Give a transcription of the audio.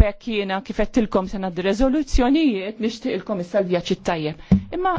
bekk jiena kifettilkom sena d-rezoluzzjonijiet nishtiqilkom issa l-vjaċ tajjeb Imma